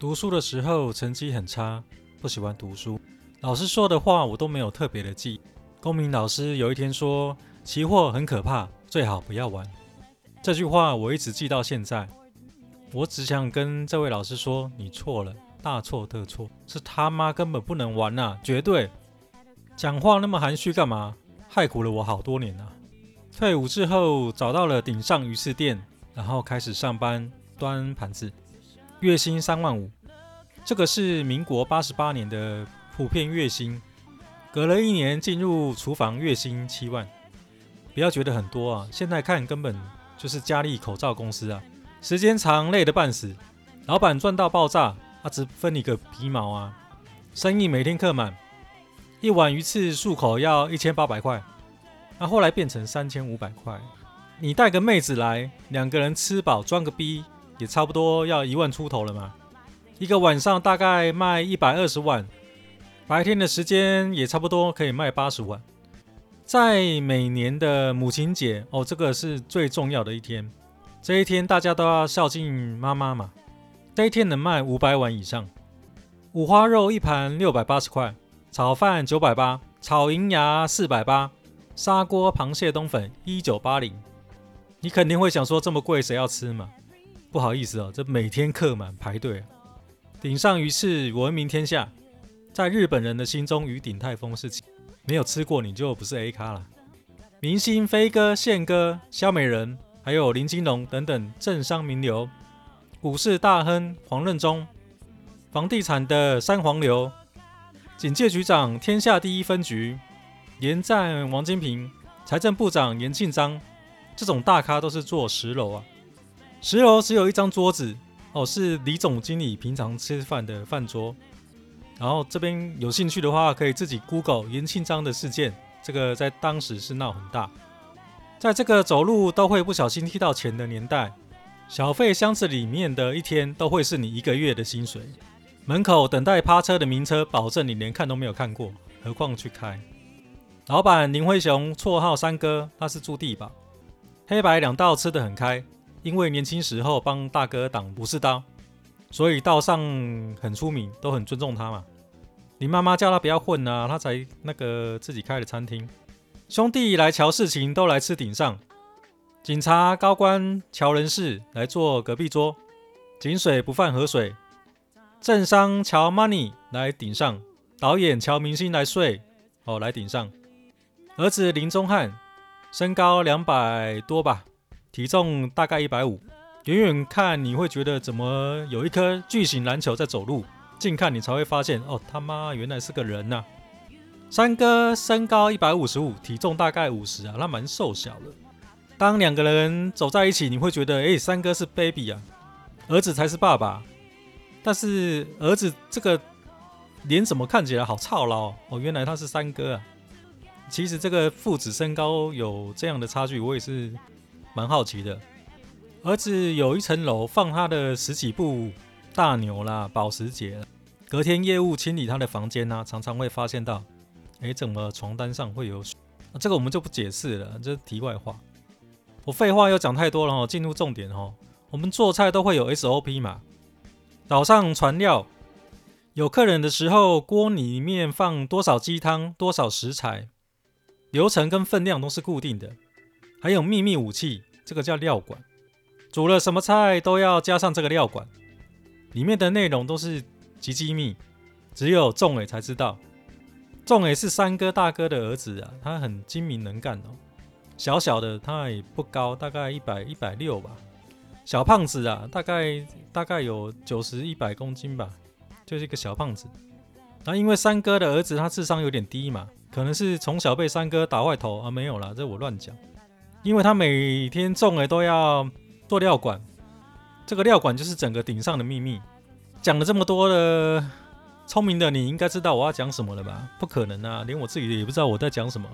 讀書的時候成績很差，不喜歡讀書，老師說的話我都沒有特別的記。公民老師有一天說，期貨很可怕，最好不要玩。這句話我一直記到現在。我只想跟這位老師說，你錯了，大錯特錯，是他媽根本不能玩吶、啊，絕對！講話那麼含蓄幹嘛？害苦了我好多年吶、啊。退伍之後找到了頂上魚翅店，然後開始上班端盤子。月薪三萬五，這個是民國八十八年的普遍月薪。隔了一年進入廚房，月薪七萬。不要覺得很多啊，現在看根本就是佳麗口罩公司啊。時間長，累得半死，老闆賺到爆炸，他、啊、只分你個皮毛啊。生意每天客滿，一碗魚翅漱口要一千八百塊，那、啊、後來變成三千五百塊。你帶個妹子來，兩個人吃飽裝個逼。也差不多要一萬出頭了嘛，一個晚上大概賣一百二十萬，白天的時間也差不多可以賣八十萬。在每年的母親節哦，這個是最重要的一天，這一天大家都要孝敬媽媽嘛。這一天能賣五百碗以上，五花肉一盤六百八十塊，炒飯九百八，炒銀芽四百八，砂鍋螃蟹冬粉一九八零。你肯定會想說，這麼貴誰要吃嘛？不好意思哦，這每天客滿排隊、啊。頂上魚翅聞名天下，在日本人的心中與鼎泰豐是。沒有吃過你就不是 A 咖了。明星飛哥、憲哥、肖美人，還有林金龍等等政商名流，股市大亨黃任中，房地產的三黃牛，警界局長天下第一分局，連戰、王金平、財政部長嚴慶章，這種大咖都是坐十樓啊。十樓只有一張桌子，哦，是李總經理平常吃飯的飯桌。然後這邊有興趣的話，可以自己 Google 顏慶章的事件，這個在當時是鬧很大。在這個走路都會不小心踢到錢的年代，小費箱子裡面的一天都會是你一個月的薪水。門口等待趴車的名車，保證你連看都沒有看過，何況去開。老闆林輝雄，綽號三哥，他是住地吧？黑白兩道吃得很開。因為年輕時候幫大哥擋武士刀，所以道上很出名，都很尊重他嘛。林媽媽叫他不要混啊，他才那個自己開的餐廳。兄弟來喬事情都來吃頂上，警察、高官、喬人士來坐隔壁桌，井水不犯河水。政商喬 money 來頂上，導演喬明星來睡哦，來頂上。兒子林中翰，身高兩百多吧？體重大概一百五，遠遠看你會覺得怎麼有一顆巨型籃球在走路，近看你才會發現，哦他媽，原來是個人吶、啊！三哥身高一百五十五，體重大概五十啊，那蠻瘦小的。當兩個人走在一起，你會覺得，誒，三哥是 baby 啊，兒子才是爸爸。但是兒子這個臉怎麼看起來好操勞、哦？哦，原來他是三哥啊。其實這個父子身高有這樣的差距，我也是。蠻好奇的，兒子有一層樓放他的十幾部大牛啦、保時捷。隔天業務清理他的房間呢、啊，常常會發現到，誒，怎麼床單上會有水、啊？這個我們就不解釋了，這題外話。我廢話又講太多了，了後進入重點哦。我們做菜都會有 SOP 嘛，島上傳料，有客人的時候，鍋裡面放多少雞湯，多少食材，流程跟分量都是固定的。還有秘密武器，這個叫料管，煮了什麼菜都要加上這個料管，裡面的內容都是極機密，只有仲偉才知道。仲偉是三哥大哥的兒子啊，他很精明能幹哦。小小的他也不高，大概一百一百六吧，小胖子啊，大概大概有九十一百公斤吧，就是一個小胖子。然、啊、後因為三哥的兒子他智商有點低嘛，可能是從小被三哥打壞頭啊，沒有啦。這我亂講。因為他每天種的都要做料管，這個料管就是整個頂上的秘密。講了這麼多的，聰明的你應該知道我要講什麼了吧？不可能啊，連我自己也不知道我在講什麼。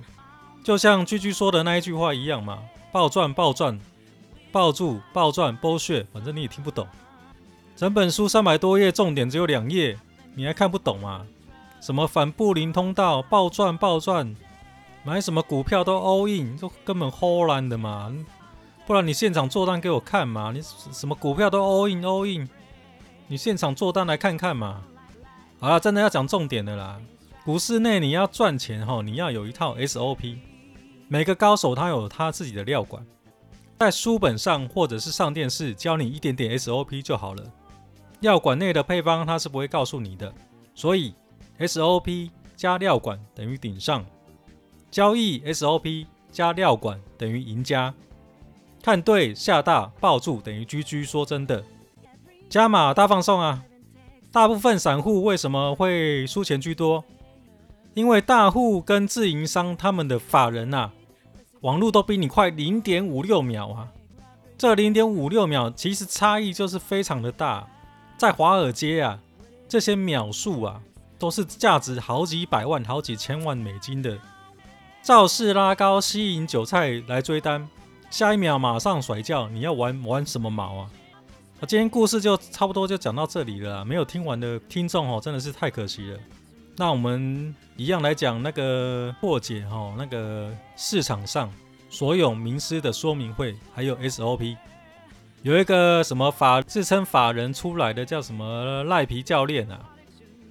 就像句句說的那一句話一樣嘛，暴賺暴賺，暴住、暴賺，剝削。反正你也聽不懂。整本書三百多頁，重點只有兩頁，你還看不懂嗎？什麼反布林通道，暴賺暴賺。報賺買什麼股票都 all in，都根本 hold 不的嘛。不然你現場做單給我看嘛。你什麼股票都 all in all in，你現場做單來看看嘛。好啦，真的要講重點的啦。股市內你要賺錢吼，你要有一套 SOP。每個高手他有他自己的料管，在書本上或者是上電視教你一點點 SOP 就好了。料管內的配方他是不會告訴你的，所以 SOP 加料管等於頂上。交易 SOP 加料管等於贏家，看對下大抱住等於 GG。說真的，加碼大放送啊！大部分散戶為什麼會輸錢居多？因為大戶跟自營商他們的法人啊，網路都比你快零點五六秒啊！這零點五六秒其實差異就是非常的大。在華爾街啊，這些秒數啊，都是價值好幾百萬、好幾千萬美金的。造勢拉高，吸引韭菜來追單，下一秒馬上甩轎，你要玩玩什麼毛啊？啊，今天故事就差不多就講到這裡了，沒有聽完的聽眾哦，真的是太可惜了。那我們一樣來講那個破解齁，那個市場上所有名師的說明會，還有 SOP，有一個什麼法自稱法人出來的叫什麼賴皮教練啊？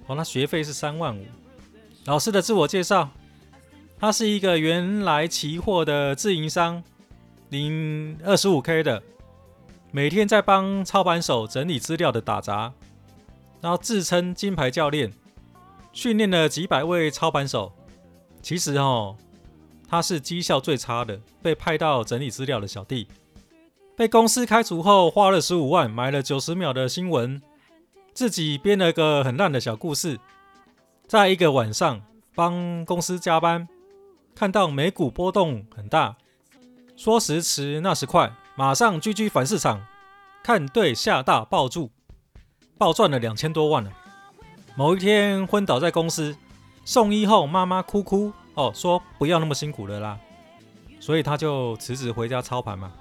哦，那學費是三萬五。老師的自我介紹。他是一個原來期貨的自營商，零二十五 K 的，每天在幫操盤手整理資料的打雜，然後自稱金牌教練，訓練了幾百位操盤手，其實哦，他是績效最差的，被派到整理資料的小弟，被公司開除後，花了十五萬買了九十秒的新聞，自己編了個很爛的小故事，在一個晚上幫公司加班。看到美股波動很大，說時遲那時快，馬上狙擊反市場，看對下大爆注，爆賺了兩千多萬了。某一天昏倒在公司，送醫後媽媽哭哭哦，說不要那麼辛苦了啦，所以他就辭職回家操盤嘛。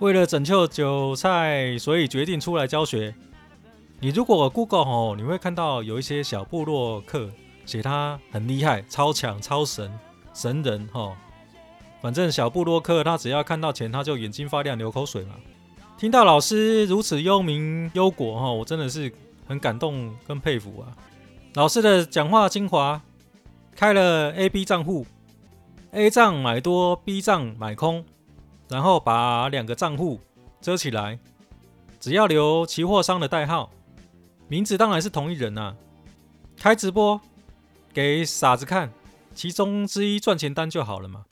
為了拯救韭菜，所以決定出來教學。你如果 Google 哦，你會看到有一些小部落客寫他很厲害，超強超神。神人哈、哦，反正小布洛克他只要看到錢，他就眼睛發亮、流口水嘛。聽到老師如此憂民憂國哈、哦，我真的是很感動跟佩服啊。老師的講話精華：開了 AB A、B 賬戶，A 賬買多，B 賬買空，然後把兩個賬戶遮起來，只要留期貨商的代號，名字當然是同一人啊，開直播給傻子看。其中之一賺錢單就好了嘛！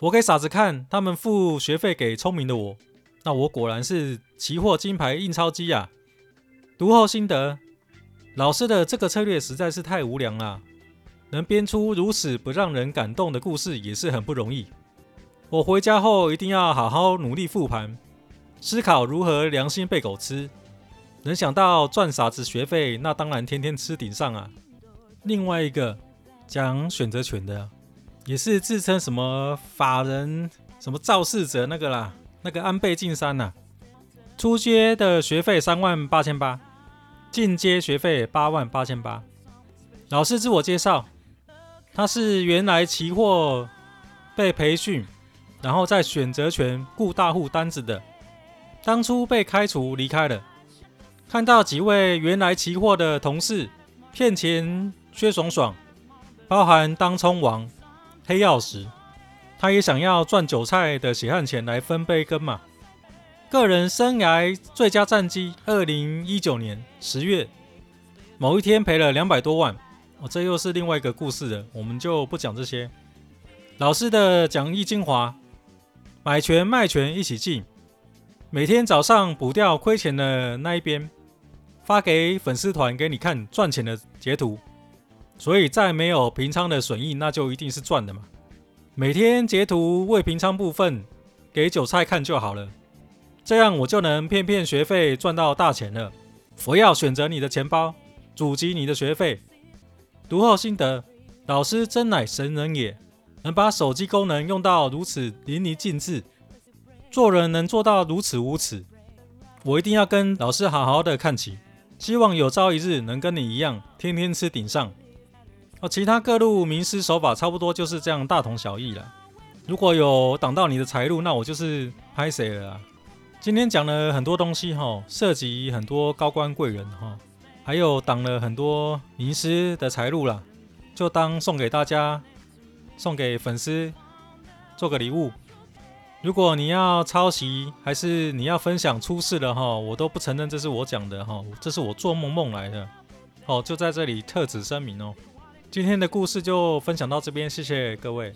我給傻子看，他們付學費給聰明的我，那我果然是期貨金牌印鈔機啊！讀後心得：老師的這個策略實在是太無良了啊，能編出如此不讓人感動的故事也是很不容易。我回家後一定要好好努力復盤，思考如何良心被狗吃。能想到賺傻子學費，那當然天天吃頂上啊！另外一個。講選擇權的，也是自稱什麼法人，什麼肇事者那個啦，那個安倍晉三吶，啊。初階的學費三萬八千八，進階學費八萬八千八。老師自我介紹，他是原來期貨被培訓，然後在選擇權雇大戶單子的，當初被開除離開了。看到幾位原來期貨的同事騙錢，薛爽爽。包含當沖王、黑曜石，他也想要賺韭菜的血汗錢來分杯羹嘛。個人生涯最佳戰績，二零一九年十月某一天賠了兩百多萬，哦，這又是另外一個故事了，我們就不講這些。老師的講義精華，買權賣權一起進，每天早上補掉虧錢的那一邊，發給粉絲團給你看賺錢的截圖。所以再沒有平倉的損益，那就一定是賺的嘛。每天截圖未平倉部分給韭菜看就好了，這樣我就能騙騙學費賺到大錢了。佛要選擇你的錢包，阻擊你的學費。讀後心得：老師真乃神人也，能把手機功能用到如此淋漓盡致，做人能做到如此無恥。我一定要跟老師好好的看齊，希望有朝一日能跟你一樣，天天吃頂上。哦，其他各路名師手法差不多就是這樣，大同小異了。如果有擋到你的財路，那我就是拍謝了。今天講了很多東西哈，涉及很多高官貴人哈，還有擋了很多名師的財路啦。就當送給大家，送給粉絲做個禮物。如果你要抄襲，還是你要分享出事了哈，我都不承認這是我講的哈，這是我做夢夢來的。哦，就在這裡特此聲明哦。今天的故事就分享到這邊，謝謝各位。